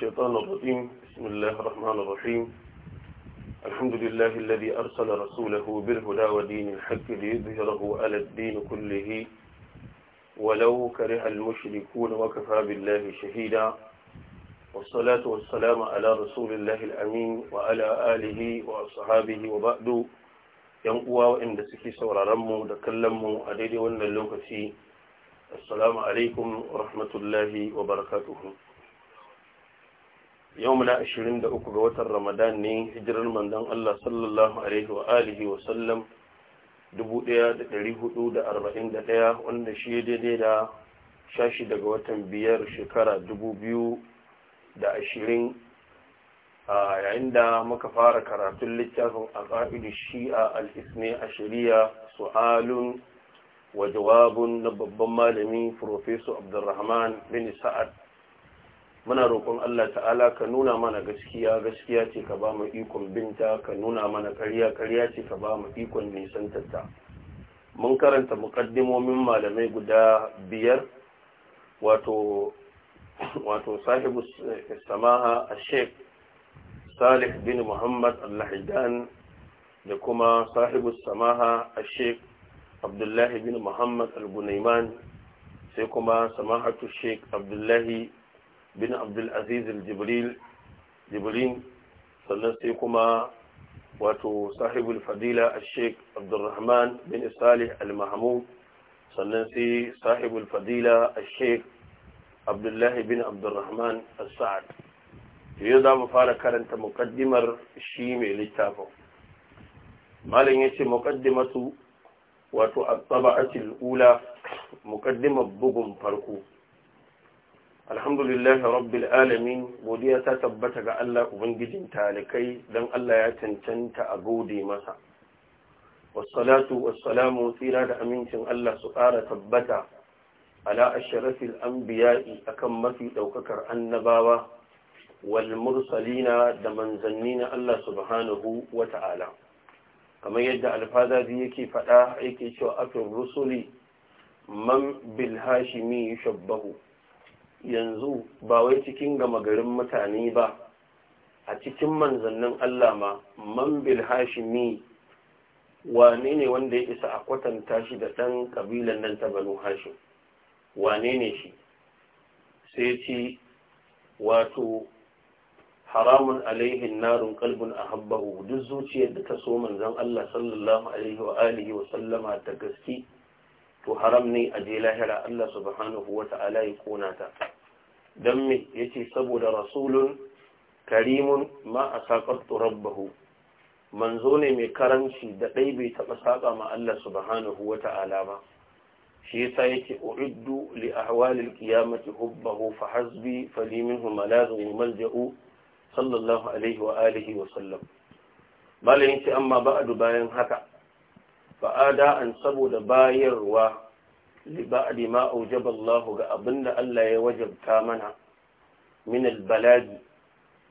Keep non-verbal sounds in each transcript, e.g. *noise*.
الشيطان الرجيم بسم الله الرحمن الرحيم الحمد لله الذي أرسل رسوله بالهدى ودين الحق ليظهره على الدين كله ولو كره المشركون وكفى بالله شهيدا والصلاة والسلام على رسول الله الأمين وعلى آله وأصحابه وبعد ينقوى وإن دسكي سورة رمو دكلمو أديد وإن اللوكسي السلام عليكم ورحمة الله وبركاته yau muna 23 ga watan ramadan ne hijirar manzon Allah sallallahu alaihi wa alihi wa sallam 1441 wanda shi daidai da shashi daga watan biyar shekara 2020 a yayin da muka fara karatun littafin a ƙa'idu a al'isne a shari'a su'alun wa jawabun na babban malami Profesor Abdulrahman bin Sa'ad muna roƙon Allah ta'ala ka nuna mana gaskiya gaskiya ce ka ba mu ikon binta ka nuna mana ƙarya ƙarya ce ka ba mu ikon ta mun karanta muƙaddimomin malamai guda biyar wato wato sahibu samaha a sheikh salih bin muhammad al da kuma sahibu samaha a sheikh abdullahi bin muhammad al-gunaiman sai kuma samahatu sheikh abdullahi بن عبد العزيز الجبريل جبرين سلسيكما واتو صاحب الفضيلة الشيخ عبد الرحمن بن صالح المحمود سلسي صاحب الفضيلة الشيخ عبد الله بن عبد الرحمن السعد يوضع مفارقة انت مقدمة الشيمي للتابو ما لن مقدمة واتو الطبعة الأولى مقدمة بغم فاركو alhamdulillahi rabbil alamin godiya ta tabbata ga Allah ubangijin talikai dan Allah ya cancanta a gode masa wassalatu wassalamu tsira da amincin Allah su ƙara tabbata ala asharafil anbiya'i akan mafi daukakar annabawa wal mursalina da manzanni na Allah subhanahu wata'ala kamar yadda alfazazi yake faɗa yake cewa afin rusuli man bil hashimi yushabbahu yanzu ba wai cikin gama garin mutane ba a cikin manzannin Allah ma man bil hashimi wane ne wanda ya isa a kwatanta shi da ɗan ƙabilan nan ta banu hashim wane ne shi sai ci wato haramun alaihin narun kalbin a habbahu duk zuciyar da ta so manzan Allah sallallahu alaihi wa alihi wa sallama ta gaske to haram ne a je lahira Allah subhanahu wa ta'ala ya kona ta don me yace saboda rasulun karimun ma a saƙartu rabbahu manzo ne mai karanci da ɗai bai taɓa saƙa ma Allah subhanahu wa ta'ala ba shi yasa yake uiddu li ahwalil qiyamati hubbahu fa hasbi fali minhu malazun wa malja'u sallallahu alaihi wa alihi wa sallam malayin ce amma ba'du bayan haka فأدا أن سبو دباير و لبعد ما أوجب الله أبن ألا يوجب كامنا من البلاد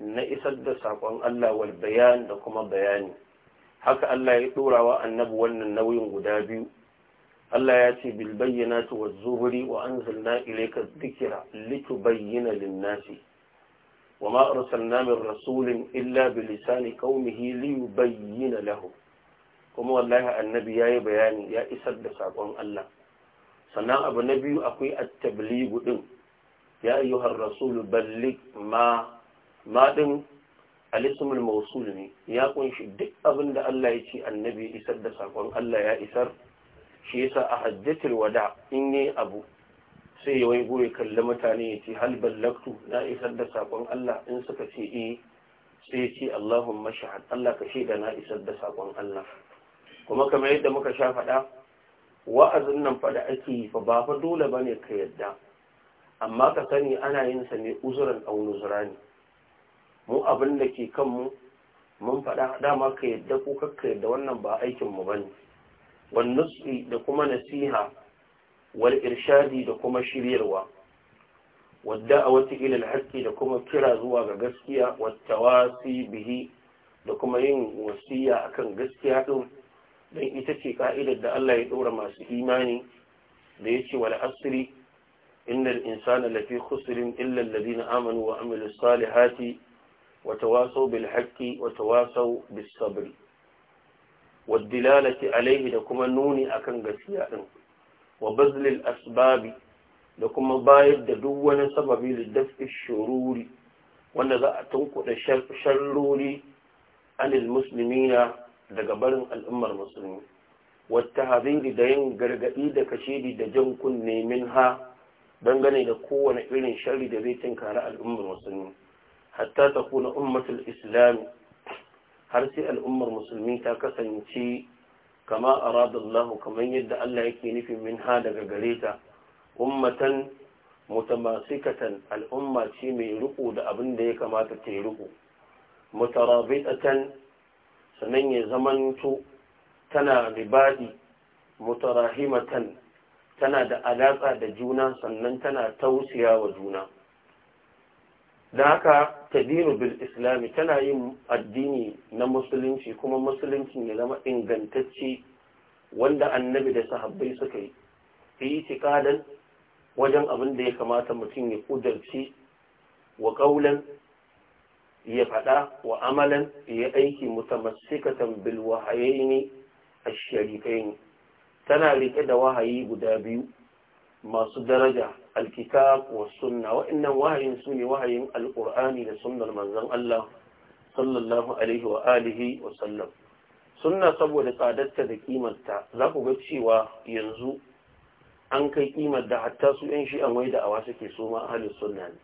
نئس الدسع عن الله والبيان لكم بيان حكى ألا يطور والنبو النووي غدابي ألا يأتي بالبينات والزبر وأنزلنا إليك الذكر لتبين للناس وما أرسلنا من رسول إلا بلسان قومه ليبين لهم kuma wallahi annabi ya yi bayani ya isar da saƙon Allah sannan abu na biyu akwai at-tabligu din ya ayyuhar rasul ballig ma ma din al-ismul mawsul ne ya kunshi duk abin da Allah ya ce annabi ya isar da saƙon Allah ya isar shi yasa a hajjatul wada in ne abu sai ya wai goye kalli mutane ya ce hal ballaktu na isar da saƙon Allah in suka ce eh sai ya ce Allahumma shahad Allah ka shaida na isar da sakon Allah kuma kamar yadda muka sha faɗa wa'azin nan faɗa ake yi fa ba fa dole ba ne ka yadda amma ka sani ana yin sa ne uzuran a nuzura ne mu abin da ke kanmu mun faɗa dama ka yadda ko kakka yadda wannan ba aikinmu ba ne wannutsi da kuma nasiha wal irshadi da kuma shiryarwa wadda a wata ilil haske da kuma kira zuwa ga gaskiya wata wasi bihi da kuma yin wasiya akan gaskiya ɗin don ita ce ka'idar da Allah ya dora masu imani da yace ce wal asri innal insana lafi khusrin illa alladhina amanu wa amilu salihati wa tawasaw bil haqqi wa tawasaw bis sabr wad dilalati alayhi da kuma nuni akan gaskiya din wa bazl al asbab da kuma bayar da duk wani sababi da dafi shururi wanda za a tunkuɗa sharruri anil muslimina daga barin al'ummar musulmi wata haziri da yin gargaɗi da kashidi da jan kunne min ha dangane da kowane irin shari da zai tinkara al'ummar musulmi hatta ta kuna ummatul islami har sai al'ummar musulmi ta kasance kama a radallahu kamar yadda Allah yake nufi min ha daga gare ta ummatan mutamasikatan al'umma ce mai riko da abin da ya kamata ta yi riko mutarabitatan sannan ya zamanto tana ribadi mutarahimatan tana da alaƙa da juna sannan tana tausiya wa juna da haka tadinu bil islami tana yin addini na musulunci kuma musulunci ya zama ingantacce wanda annabi da sahabbai suka yi fi itikadan wajen abin da ya kamata mutum ya kudarci wa kaulan ya faɗa wa amalan ya aiki mutamassikatan bil a ash tana rike da wahayi guda biyu masu daraja alkitab wa sunna wa'annan wahayin su ne wahayin Al'ƙur'ani da sunnar manzon Allah sallallahu alaihi wa alihi wa sallam sunna saboda tsadarta da kimarta za ku ga cewa yanzu an kai kimar da hatta su yan shi'an wai da awa suke so ma ahlus sunna ne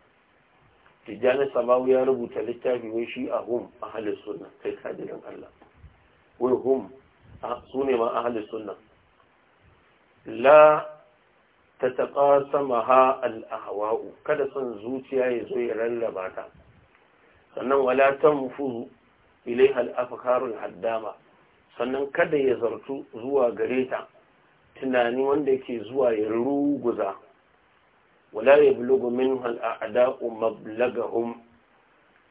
tijjani samawu ya rubuta littafi wai shi a hum a halin suna kai kajirin Allah wai hum su ne ma a halin sunna la ta taƙa sama ha al'ahawa'u kada son zuciya ya zo ya rarraba ta sannan wala ta mufu ilai al'afakarun haddama sannan kada ya zartu zuwa gare ta tunani wanda yake zuwa ya ruguza wala ya bulugu min al'ada'u mablagahum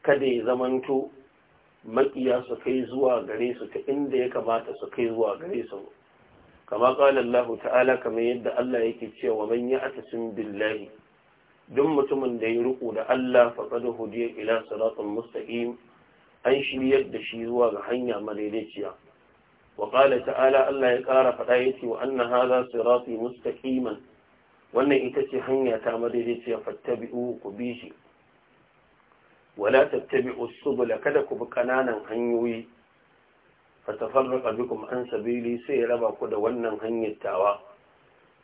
kada ya zamanto maƙiya su kai zuwa gare su ta inda ya kamata su kai zuwa gare su kama ƙala ta'ala kamar yadda Allah yake ce wa ya atasin billahi duk mutumin da ya riko da Allah faqad hudiya ila siratal mustaqim an shiryar da shi zuwa ga hanya madaidaiciya wa qala ta'ala Allah ya ƙara faɗa yace wa anna hadha sirati mustaqiman wannan ita ce hanya ta ce fattabi uku ku bi shi wala tattabi'u subula kada ku bi kananan hanyoyi fatafarraqa bikum an sabili sai raba ku da wannan hanyar tawa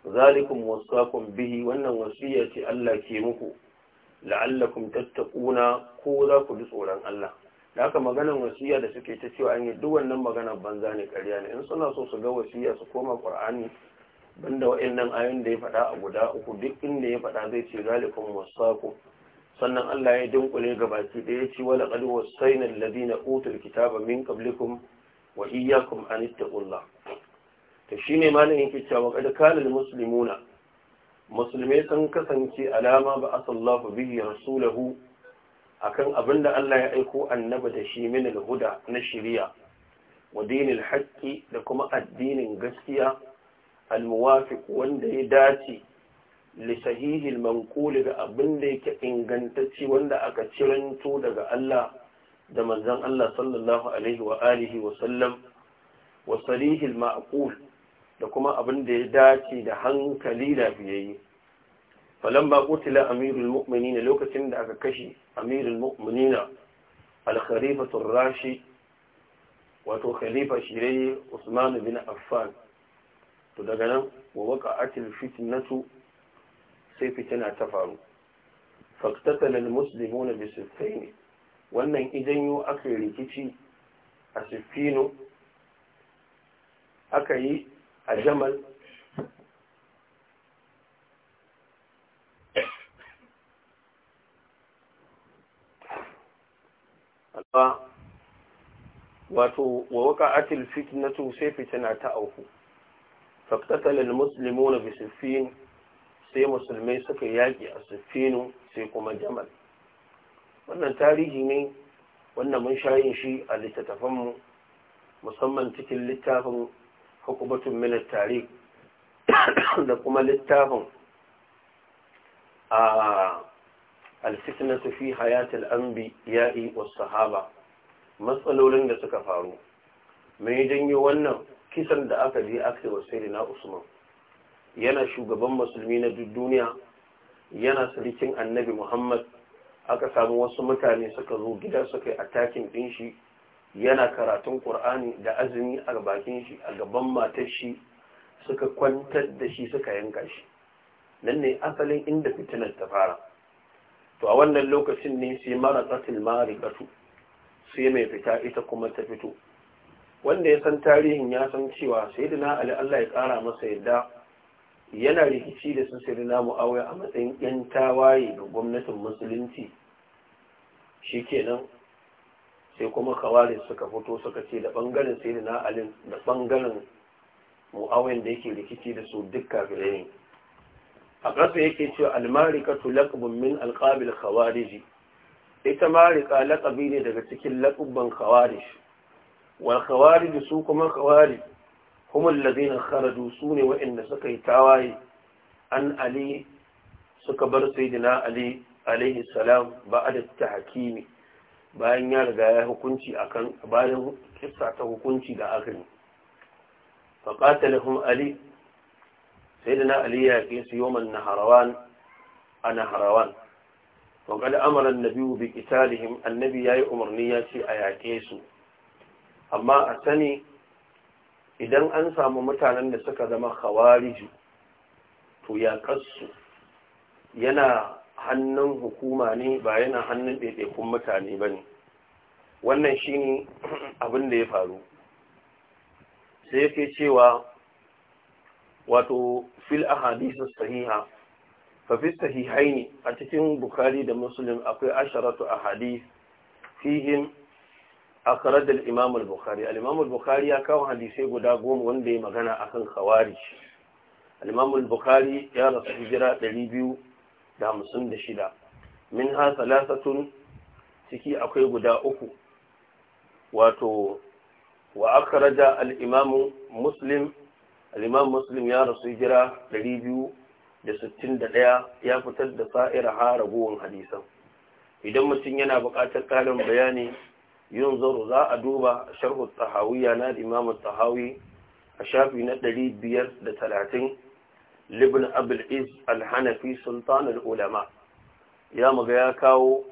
zalikum wasaqum bihi wannan wasiya ce Allah ke muku la'allakum tattaquna ko za ku bi tsoron Allah da haka maganar wasiya da suke ta cewa an yi duk wannan maganar banza ne ƙarya ne in suna so su ga wasiya su koma Qur'ani banda wa'annan ayoyin da ya faɗa a guda uku duk inda ya faɗa zai ce zalikum wasaqu sannan Allah ya dinkule gabaki da ya ce wala qad wasayna alladhina utul kitaba min qablikum wa iyyakum an ittaqullah to shine malamin yake cewa qad musulmai sun kasance alama ba asallahu bihi rasulahu akan abinda Allah ya aiko annaba da shi min alhuda na shari'a wa dinil haqqi da kuma addinin gaskiya almuwafiq wanda ya dace li sahihil manqul ga abin da yake ingantacci wanda aka ciranto daga Allah da manzon Allah sallallahu alaihi wa alihi wa sallam wa sarihil ma'qul da kuma abin da ya dace da hankali lafiyayye falamma qutila amirul mu'minina lokacin da aka kashe amirul mu'minina al-khalifatu ar-rashid wato khalifa shirayi Usman bin Affan to daga nan wa atil fitnatu sai fitina ta faru faqtatala almuslimuna bi siffaini wannan idanyo aka yi rikici a siffino aka yi a jamal wato wa waka atil fitnatu sai fitina ta auku فاقتتل المسلمون بسفين sai musulmai suka yaƙi a siffinu sai kuma jamal wannan tarihi ne wannan mun shayin shi a littattafanmu musamman cikin littafin hukubatun minar tarihi da kuma littafin a alfitnatu fi hayatul anbi ya'i was sahaba matsalolin da suka faru mai janyo wannan kisan da aka je aka wa na usman yana shugaban musulmi na duk duniya yana sarkin annabi muhammad aka samu wasu mutane suka zo gida suka yi attacking din shi yana karatun qur'ani da azumi a bakin shi a gaban matar shi suka kwantar da shi suka yanka shi nan ne asalin inda fitinar ta fara to a wannan lokacin ne sai mara tsatil mari sai mai fita ita kuma ta fito wanda ya san tarihin ya san cewa sayyidina ali Allah ya kara masa yadda yana rikici da su sayyidina muawiya a matsayin yan tawaye ga gwamnatin musulunci shi kenan sai kuma kawarin suka fito suka ce da bangaren sayyidina ali da bangaren muawiyan da yake rikici da su duk kafirai a ƙasa yake cewa almarikatu laqabun min alqabil khawarij ita marika laqabi ne daga cikin laqabban khawarij والخوارج سوكما خوارج هم الذين خرجوا سون وإن سكي تاواي عن علي سكبر سيدنا علي عليه السلام بعد التحكيم bayan ya riga ya hukunci akan bayan kissa ta hukunci da akari faqatalahum ali sayyidina ali ya ke su yawman naharawan a naharawan wa qad amara an-nabiy bi qitalihim annabi yayi umarni ya ce a yake su amma a sani idan an samu mutanen da suka zama khawariju to yaƙarsu yana hannun hukuma ne ba yana hannun ɗaiɗaikun mutane ba ne wannan shi ne abin da ya faru sai yake cewa wato fil ahadisu sahiha fafi ne a cikin bukari da musulun akwai asharatu ahadis fihim a sanar da imamu ya kawo hadisai guda goma wanda ya magana akan khawari al-imamu al-bukhari ya rasu hijira 256 min ha salasatun ciki akwai guda uku wato wa akharaja al-imamu muslim al-imamu muslim ya rasu hijira ɗaya ya fitar da sa'ir ha ragowan hadisan idan mutum yana buƙatar ƙarin bayani yau zaro za a duba sharhu tsahawiya na imamu tsahawi a shafi na biyar da 530 libin abil'is alhanafi sultan al'ulama ya maga ya kawo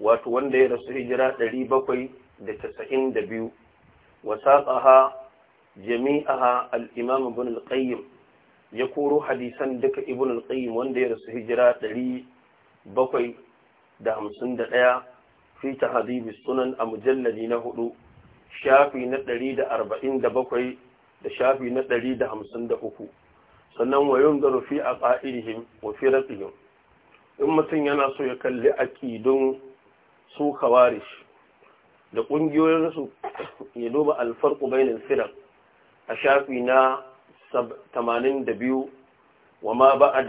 wato wanda ya rasu hijira da 792 wasaƙa ha jami'a al'imamu bin al'ayyim ya koro hadisan duka ibn al'ayyim wanda ya rasu hijira bakwai da 751 fi tahdhib sunan a mujalladi na hudu shafi na ɗari da shafi na uku sannan wayun da rufi a qa'idihim wa fi raqihim in mutum yana so ya kalli aqidun su kawarish da kungiyoyin su ya duba alfarqu bainal firaq a shafi na 82 wa ma a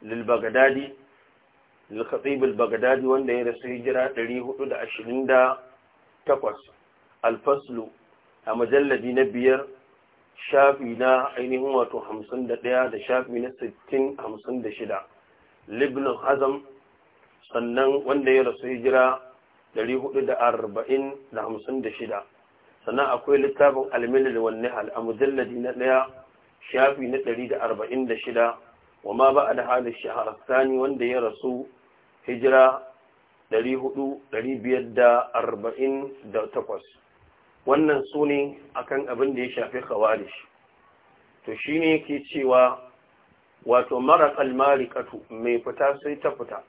lil bagdadi al-khatib al-baghdadi wanda ya rasu hijira 428 al-faslu a majalladi na biyar shafi na ainihin wato 51 da shafi na 60 56 libn hazam sannan wanda ya rasu hijira 440 da sannan akwai littafin wanne a al'amujalladi na ɗaya shafi na 146 wa ma ba da halin shahar sani wanda ya rasu hijira da da arba'in 448 wannan su ne akan abin da ya shafi khawarij to shi ne ke cewa wato mara almarikatu mai fita sai ta fita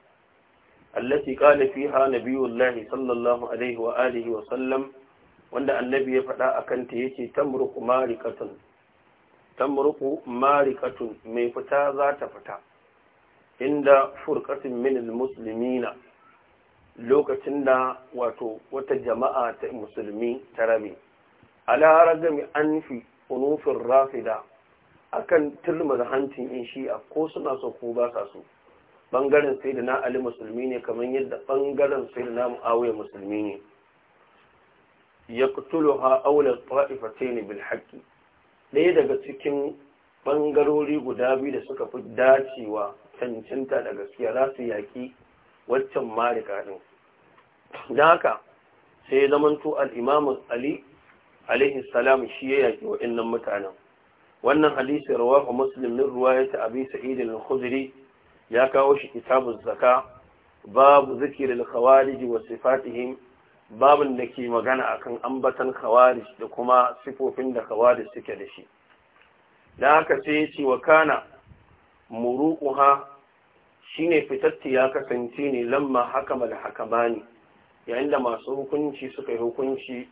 allati qala fiha nabiyullahi sallallahu alaihi wa alihi wa sallam wanda annabi ya faɗa akan ta yace tamruku tamruku marikatun mai fita za ta fita inda furqatun min muslimina lokacin da wato wata jama'a ta musulmi ta rabe ala ragami fi unufin rafida akan tilmar hancin in shi'a ko suna so ko ba sa so bangaren sai da na ali musulmi ne kamar yadda bangaren sai da na mu'awiyya musulmi ne ya kutulu ha aula ta'ifatai ne bil haƙƙi ɗaya daga cikin ɓangarori guda biyu da suka fi dacewa cancanta da gaskiya za su yaƙi waccan marika ɗin don haka sai ya zamanto al'imamun ali alaihi salam shi ya yaƙi wa waɗannan mutanen wannan hadisi rawahu muslim min ya abi saidin al ya kawo shi kitabun zaka babu zikirin kawarijin wasu fatihin. babin da ke magana akan ambatan khawarij da kuma sifofin da khawarij suke da shi da haka sai ya ce wa kana muruquha shine fitatti ya kasance ne lamma hakama da hakamani yayin da masu hukunci suka yi hukunci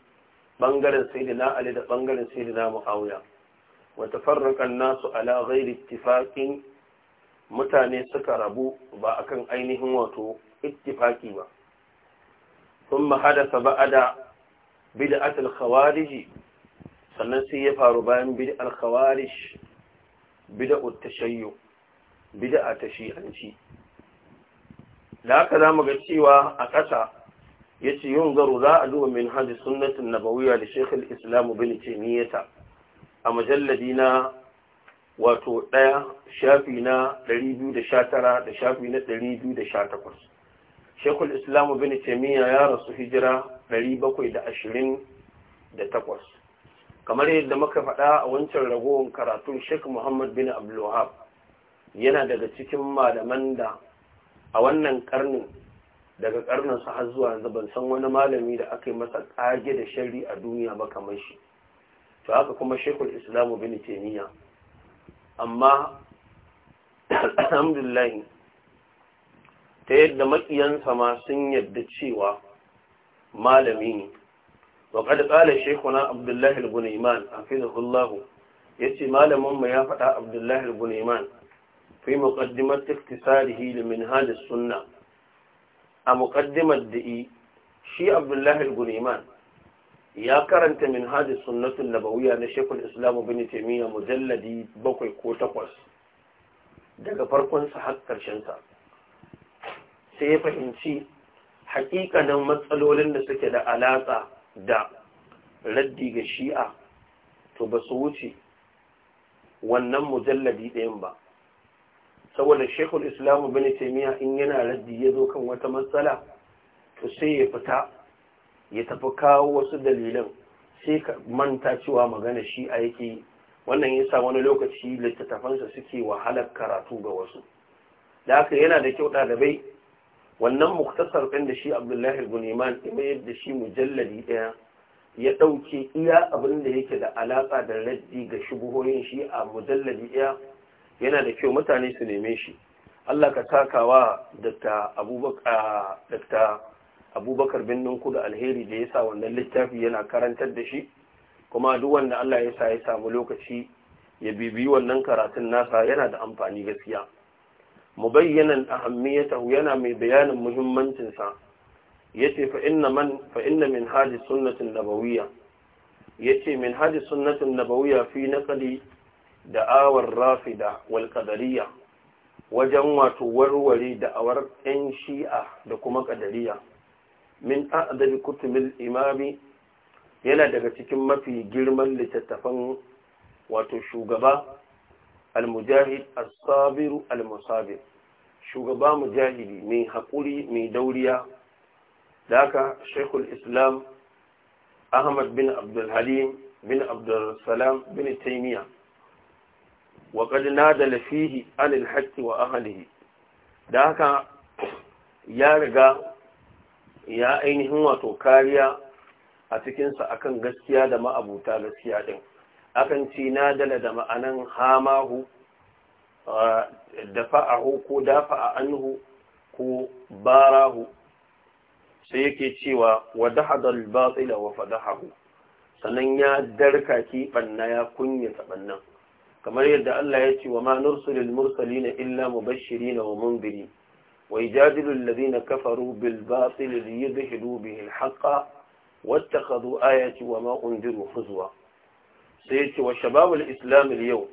bangaren sayyidina Ali da bangaren sayyidina Muawiya wa tafarraqa an-nasu ala ghairi ittifaqin mutane suka rabu ba akan ainihin wato ittifaqi ba ثم حدث بعد بدعة الخوارج sannan sai ya faru bayan bid'ar khawarij bid'ar tashayyu bid'a ta shi'anci da haka zamu ga cewa a ƙasa yace yun garu za a duba min hadis sunnatin nabawiyya da Sheikh al-Islam Ibn a mujalladi na wato shafi na 219 da shekul islamu bin taimiyya ya rasu hijira 728 kamar yadda muka faɗa a wancan ragowar karatun shek muhammad bin abdullahab yana daga cikin malaman da a wannan karnin daga karnin sa har zuwa yanzu ban san wani malami da aka yi masa ƙage da shari a duniya ba kamar shi to haka kuma shekul islam bin taimiyya amma *coughs* alhamdulillah ta yadda maƙiyansa ma sun yadda cewa malami ne waƙar ƙalar shekuna abdullahi al-gunaiman a ya ce malamin mu ya faɗa abdullahi al-gunaiman fi muƙaddimar tattisari hilimin hada suna a muƙaddimar da'i shi abdullahi al-gunaiman ya karanta min hadis sunnatul nabawiyya na shekul islam bin taymiya mujalladi 7 ko takwas daga farkonsa har karshen sa sai ya fahimci hakikanin matsalolin da suke da alaƙa da raddi ga shi'a to ba su wuce wannan mujalladi ɗayan ba saboda shekul islamu bin taimiya in yana raddi ya zo kan wata matsala to sai ya fita ya tafi kawo wasu dalilan sai ka manta cewa magana shi'a yake yi wannan yasa wani lokaci littattafansa suke wahalar karatu ga wasu da haka yana da kyau ɗalibai wannan muktasar ɗin da shi abdullahi guniman ima yadda shi mujalladi ɗaya ya ɗauke iya abin da yake da alaƙa da raddi ga shubuhoyin shi a mujalladi ɗaya yana da kyau mutane su neme shi allah ka takawa dakta abubakar bin ninku da alheri da ya sa wannan littafi yana karantar da shi kuma duk wanda allah ya sa ya samu lokaci ya bibiyi wannan karatun nasa yana da amfani gaskiya mubayyanan ahammiyatahu yana mai bayanin muhimmancin sa yace fa inna man fa inna min hadi sunnatin nabawiyya yace min hadi sunnatin nabawiyya fi naqli da'awar rafida wal qadariyya wajen wato warware da'awar ɗan shi'a da kuma qadariyya min a'dabi kutubil imami yana daga cikin mafi girman littattafan wato shugaba المجاهد al-Musabir. shugaba mujahidi mai haƙuri mai dauriya da haka shekul islam ahmad bin abdulhalim bin abdulsalam bin taimiya wa ƙadina da lafihi anil haƙƙi wa ahalihi da haka ya riga ya ainihin wato kariya a cikinsa akan gaskiya da ma'abuta gaskiya ɗin akan ci nadala da ma'anan hamahu dafa'ahu ko dafa'a anhu ko barahu sai yake cewa wadahada al-batila wa fadahahu sannan ya darka ki banna ya kunyata bannan kamar yadda Allah ya ce wa ma nursulil mursalina illa mubashirin wa mundirin wa yajadilu alladhina kafaru bil batil liyudhilu bihi al kadu wattakhadhu ayati wa ma unziru huzwa sai ya ce wa shababul islam yau.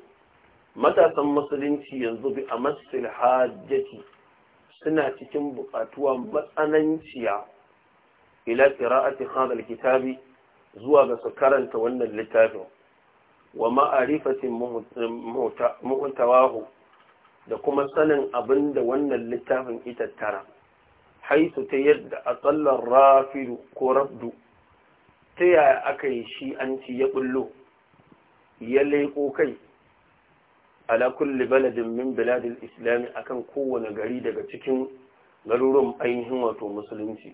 matasan musulunci yanzu bi a masil hajjati suna cikin buƙatuwa matsananciya ila qira'ati hadal kitabi zuwa ga su karanta wannan littafin wa ma'arifatin mu'tawahu da kuma sanin abin da wannan littafin ita tara haisu ta yadda a tsallar rafidu ko rabdu ta yaya aka yi shi an ci ya bullo ya leƙo kai ala kulli baladin min biladil islami akan kowane gari daga cikin garuruwan ainihin wato musulunci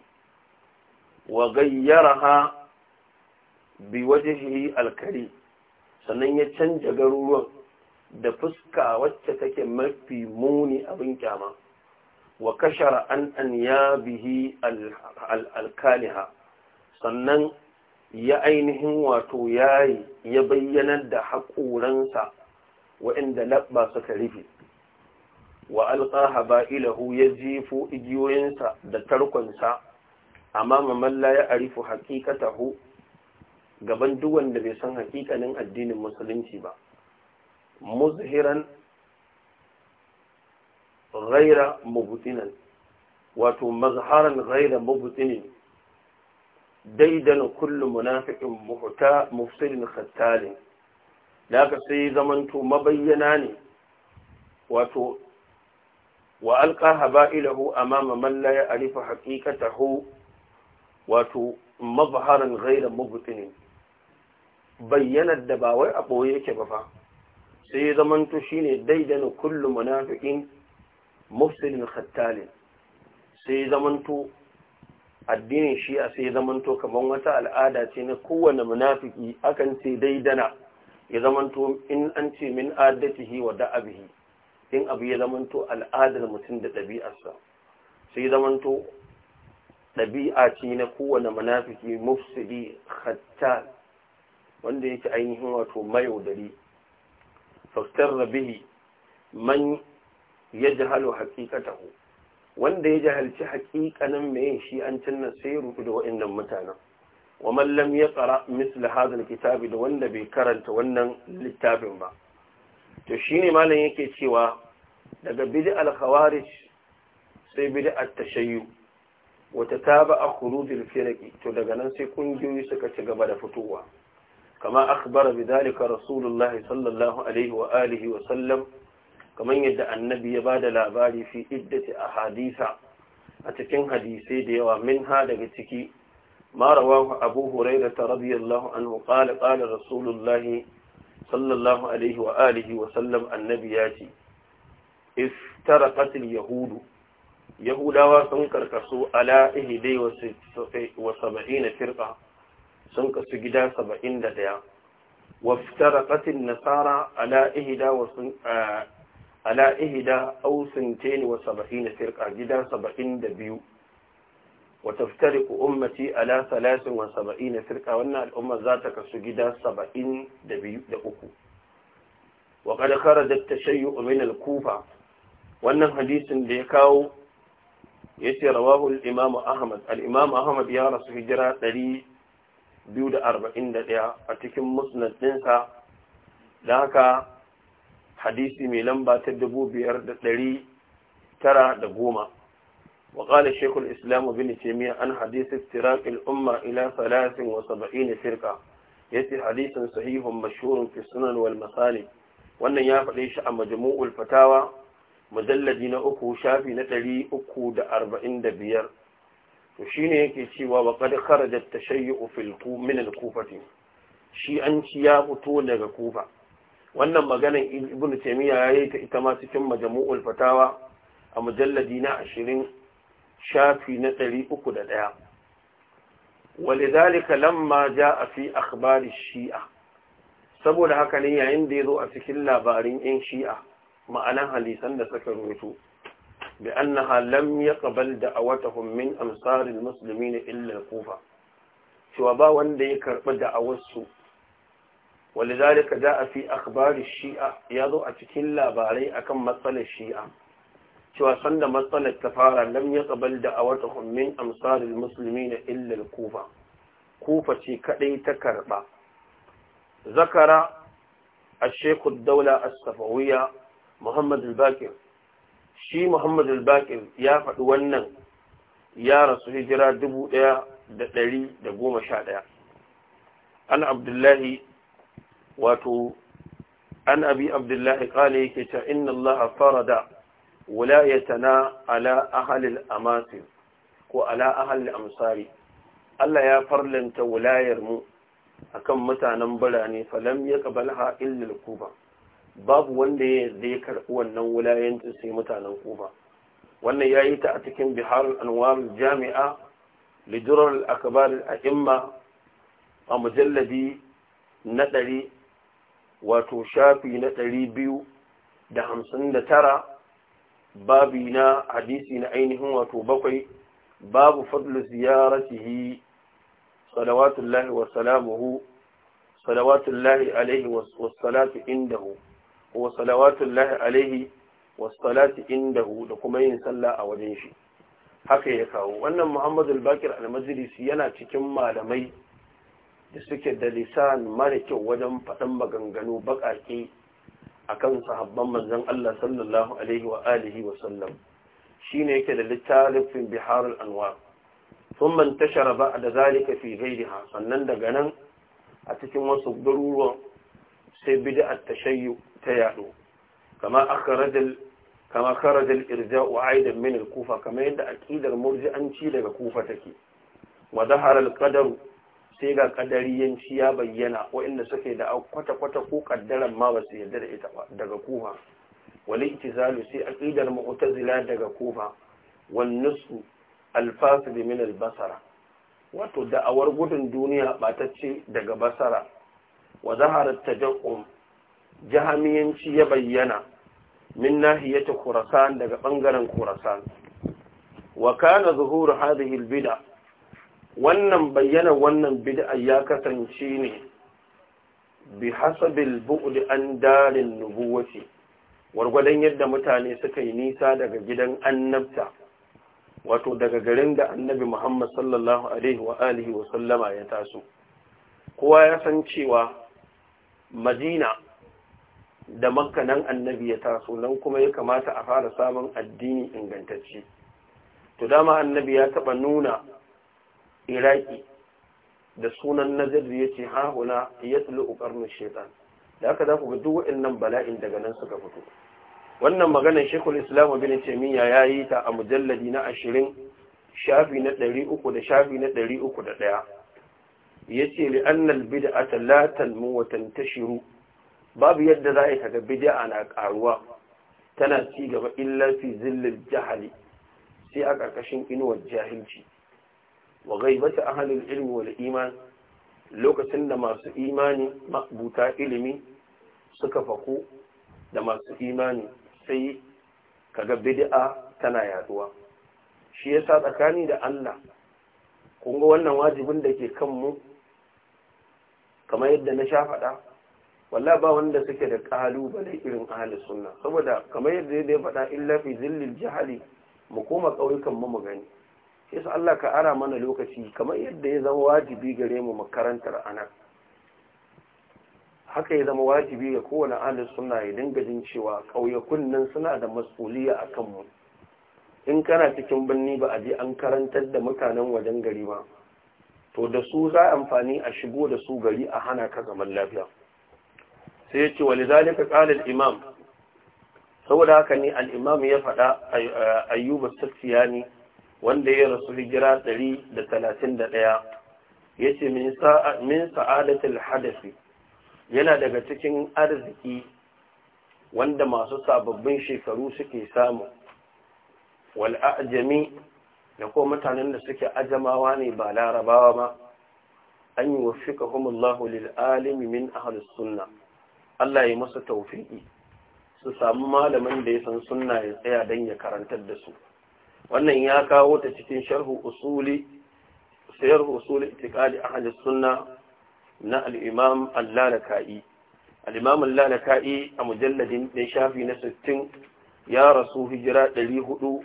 wa gayyaraha bi wajhihi alkari sannan ya canja garuruwan da fuska wacce take mafi muni abin kyama wa kashara an an ya bihi alkaliha sannan ya ainihin wato yayi ya bayyanar da haƙoransa wa'inda laɓa suka rufe wa alqa ilahu ya jefo igiyoyinsa da tarkonsa amma man a ya hakikata hu gaban duwan da bai san haƙiƙanin addinin musulunci ba muzhiran raira mubtinan wato mazharan ghaira mubtinin daidan kullu munafiqin muhta mufsidin khattalin da aka sai zamanto mabayyana ne wato wa alƙa haba'ilahu amama man la ya'rifu haqiqatahu wato mazharan ghayra mubtinin bayyanar da ba wai a yake ba fa sai zamanto shine daidana kullum munafiqin mufsidin khattalin sai zamanto addinin shi a sai zamanto kamar wata al'ada ce na kowane munafiki akan ce daidana ya zamanto in an ce min adatihi wa da'abihi in abu ya zamanto al'adar mutum da ɗabi'arsa sai zamanto ɗabi'a ce na kowane munafiki mufsidi hatta wanda yake ainihin wato mayaudari faktar rabihi man ya jahalo haƙiƙatahu wanda ya jahalci hakikanin mai shi an cinna sai ya rufu da waɗannan mutanen wa man ya kara misl hadha alkitab da wanda bai karanta wannan littafin ba to shine malam yake cewa daga bid'al khawarij sai bid'at tashayyu wata taba a khurujil firaki to daga nan sai kungiyoyi suka ci gaba da fitowa kama akhbara bidalika rasulullahi sallallahu alaihi wa alihi wa sallam yadda annabi ya bada labari fi iddati ahadisa a cikin hadisai da yawa minha daga ciki ما رواه أبو هريرة رضي الله عنه قال قال رسول الله صلى الله عليه وآله وسلم النبيات افترقت اليهود يهودا وسنكر كسو على إهدي وسبعين فرقة سنكر سجدا سبعين دليا وافترقت النصارى على إهدا وسن على إهدا أو سنتين وسبعين فرقة جدا سبعين دبيو وتفترق أمتي على ثلاث وسبعين فرقة وأن الأمة ذاتك سجدا سبعين دبيو دأكو وقد خرج التشيع من الكوفة وأن حديث ديكاو يسي رواه الإمام أحمد الإمام أحمد يا رسول هجرة دلي بيو دا أربعين دا أتكم مسند ننسى لهكا حديثي ميلان باتدبو بيرد دلي ترى دقومة وقال الشيخ الإسلام بن تيمية عن حديث افتراق الأمة إلى 73 فرقة يأتي حديث صحيح مشهور في السنن والمصالح wannan ya faɗe shi a majmu'ul fatawa mujalladi na uku shafi na ɗari uku da arba'in da biyar to shi ne yake cewa wa kad kharaja tashayyu fil min al kufati shi an ci ya fito daga kufa wannan maganar ibn ya yayi ta ita ma cikin majmu'ul fatawa a mujalladi na ashirin shafi na ɗari uku da ɗaya lamba lamma a fi akhbari shi'a saboda haka ne yayin da ya zo a cikin labarin yan shi'a ma'anan hadisan da suka rubuto bi annaha lam yaqbal da'awatuhum min amsar almuslimin illa al-kufa cewa ba wanda ya karbi da'awarsu walidhalika jaa fi akhbari shi'a ya zo a cikin labarai akan matsalar shi'a cewa sanda matsalar ta fara lam ya da a wata min amsalin musulmi na illar kufa kufa ce kaɗai ta karɓa zakara a shekud daula a safawiya muhammad al-bakir shi muhammad bakir ya faɗi wannan ya rasu hijira dubu ɗaya da ɗari da goma sha ɗaya an abdullahi wato an abi abdullahi ƙale yake ta inna allaha farada tana ala ahalil amasir ko ala ahalil amsari Allah ya farlanta wulayar mu akan mutanen birane falam ya kabalha illal kuba babu wanda ya zai karɓi wannan wulayancin sai mutanen kuba wannan ya yi ta a cikin bihar anwar jami'a lijirar a al'imma a mujalladi na ɗari wato shafi na ɗari biyu da hamsin da tara babi na hadisi na ainihin wato bakwai babu fadlu ziyaratihi salawatullahi wa salamuhu salawatullahi alaihi wa salatu indahu wa salawatullahi alaihi wa salatu indahu da kuma yin sallah a wajen shi haka ya kawo wannan Muhammadu al-Bakir al-Majlisi yana cikin malamai da suke da lisan mara kyau wajen faɗan maganganu baƙaƙe akan sahabban manzon Allah sallallahu alaihi wa alihi wa sallam shine yake da littafin Biharul Anwar ثم انتشر بعد ذلك في غيرها sannan daga nan a cikin wasu garuruwan sai bid'at tashayyu ta yado kama akhraj al kama kharaj al irja'u aidan min al kufa kama yadda aqidar murji'anci daga kufa take wa dhahara al qadar sai ga kadariyanci ya bayyana waɗanda suke da kwata-kwata ko kaddaran ma ba su yarda da ita ba daga kufa wani itizalu sai aqidar mu'tazila daga kufa wan nusu alfasid min albasara wato da'awar gudun duniya batacce daga basara wa zaharat tajaqum jahamiyanci ya bayyana min nahiyati khurasan daga bangaren khurasan wa kana zuhur hadhihi albid'a wannan bayyana wannan bid'a ya kasance ne bi hasabil bu'd an dalin nubuwati wargwadon yadda mutane suka yi nisa daga gidan annabta wato daga garin da annabi Muhammad sallallahu alaihi wa alihi wa sallama ya taso kowa ya san cewa Madina da Makka nan annabi ya taso nan kuma ya kamata a fara samun addini ingantacce to dama annabi ya taba nuna iraki da sunan nazir ya ce hahuna ya tsulu ƙarnin shaitan da aka za ku ga duk waɗannan bala'in daga nan suka fito wannan maganar shekul islam bin taimiyya ya yi ta a mujalladi na ashirin shafi na ɗari uku da shafi na ɗari uku da ɗaya ya ce a Talatan mu watan ta shiru. babu yadda za a kaga bid'a na ƙaruwa tana ci gaba illa fi zillil jahali sai a ƙarƙashin inuwar jahilci wa gaibata ahalin ilmi wal iman lokacin da masu imani mabuta ilimi suka fako da masu imani sai kaga bid'a tana yaduwa shi yasa tsakani da Allah kun ga wannan wajibin da ke kanmu kamar yadda na sha faɗa wallahi ba wanda suke da ƙalubale irin ahli sunna saboda kamar yadda ya faɗa illa fi zillil jahali mu koma ƙauyukan mu mu gani sai Allah ka ara mana lokaci kamar yadda ya zama wajibi gare mu makarantar anan haka ya zama wajibi ga kowane ahlus suna ya dinga jin cewa ƙauyakun nan suna da masuliya a kanmu. in kana cikin birni ba a je an karantar da mutanen wajen gari ba to da su za amfani a shigo da su gari a hana ka zaman lafiya sai ya ce wani zalika qala imam saboda haka ne alimam ya faɗa ayyuba ne. wanda ya rasu hijira ɗari da talatin da ɗaya ya ce min sa'adatul hadasi yana daga cikin arziki wanda masu sababbin shekaru suke samu wal'ajami da ko mutanen da suke ajamawa ne ba larabawa ba an yi wafika humullahu lil'alimi min ahalus sunna Allah ya masa taufiƙi su samu malamin da ya san sunna ya tsaya don ya karantar da su wannan ya kawo ta cikin sharhu usuli sayar usuli itiqadi ahli sunna na al-imam al-lalaka'i al-imam al-lalaka'i a mujalladin din shafi na 60 ya rasu hijira 400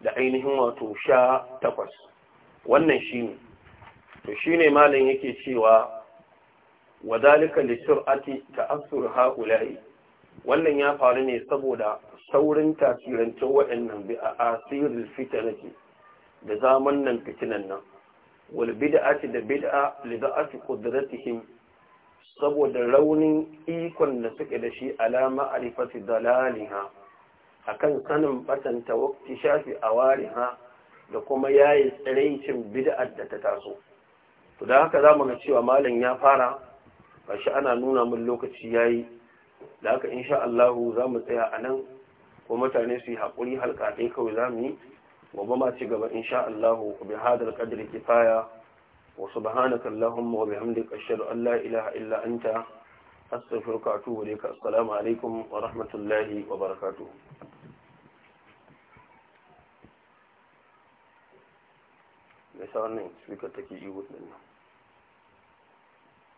da ainihin wato 18 wannan shine to shine malam yake cewa wadalika li sur'ati ta'assur ha'ula'i wannan ya faru ne saboda saurin tasirancin waɗannan bi a asirin fitanaki da zaman nan fitinan nan wal da bid'a li da'ati qudratihim saboda raunin ikon da suke da shi alama arifati dalaliha akan sanin batanta wakti shafi a ha da kuma yayi tsiraicin bid'ar da ta taso to da haka zamu ga cewa malam ya fara gashi ana nuna min lokaci yayi da haka insha Allah zamu tsaya anan ko mutane su yi haƙuri halka ɗaya kawai za mu yi gobe ma ci gaba insha Allah ku bi hadar qadri kifaya wa subhanaka allahumma wa bihamdika ashhadu an la ilaha illa anta astaghfiruka wa atubu ilayka assalamu alaikum wa rahmatullahi wa barakatuh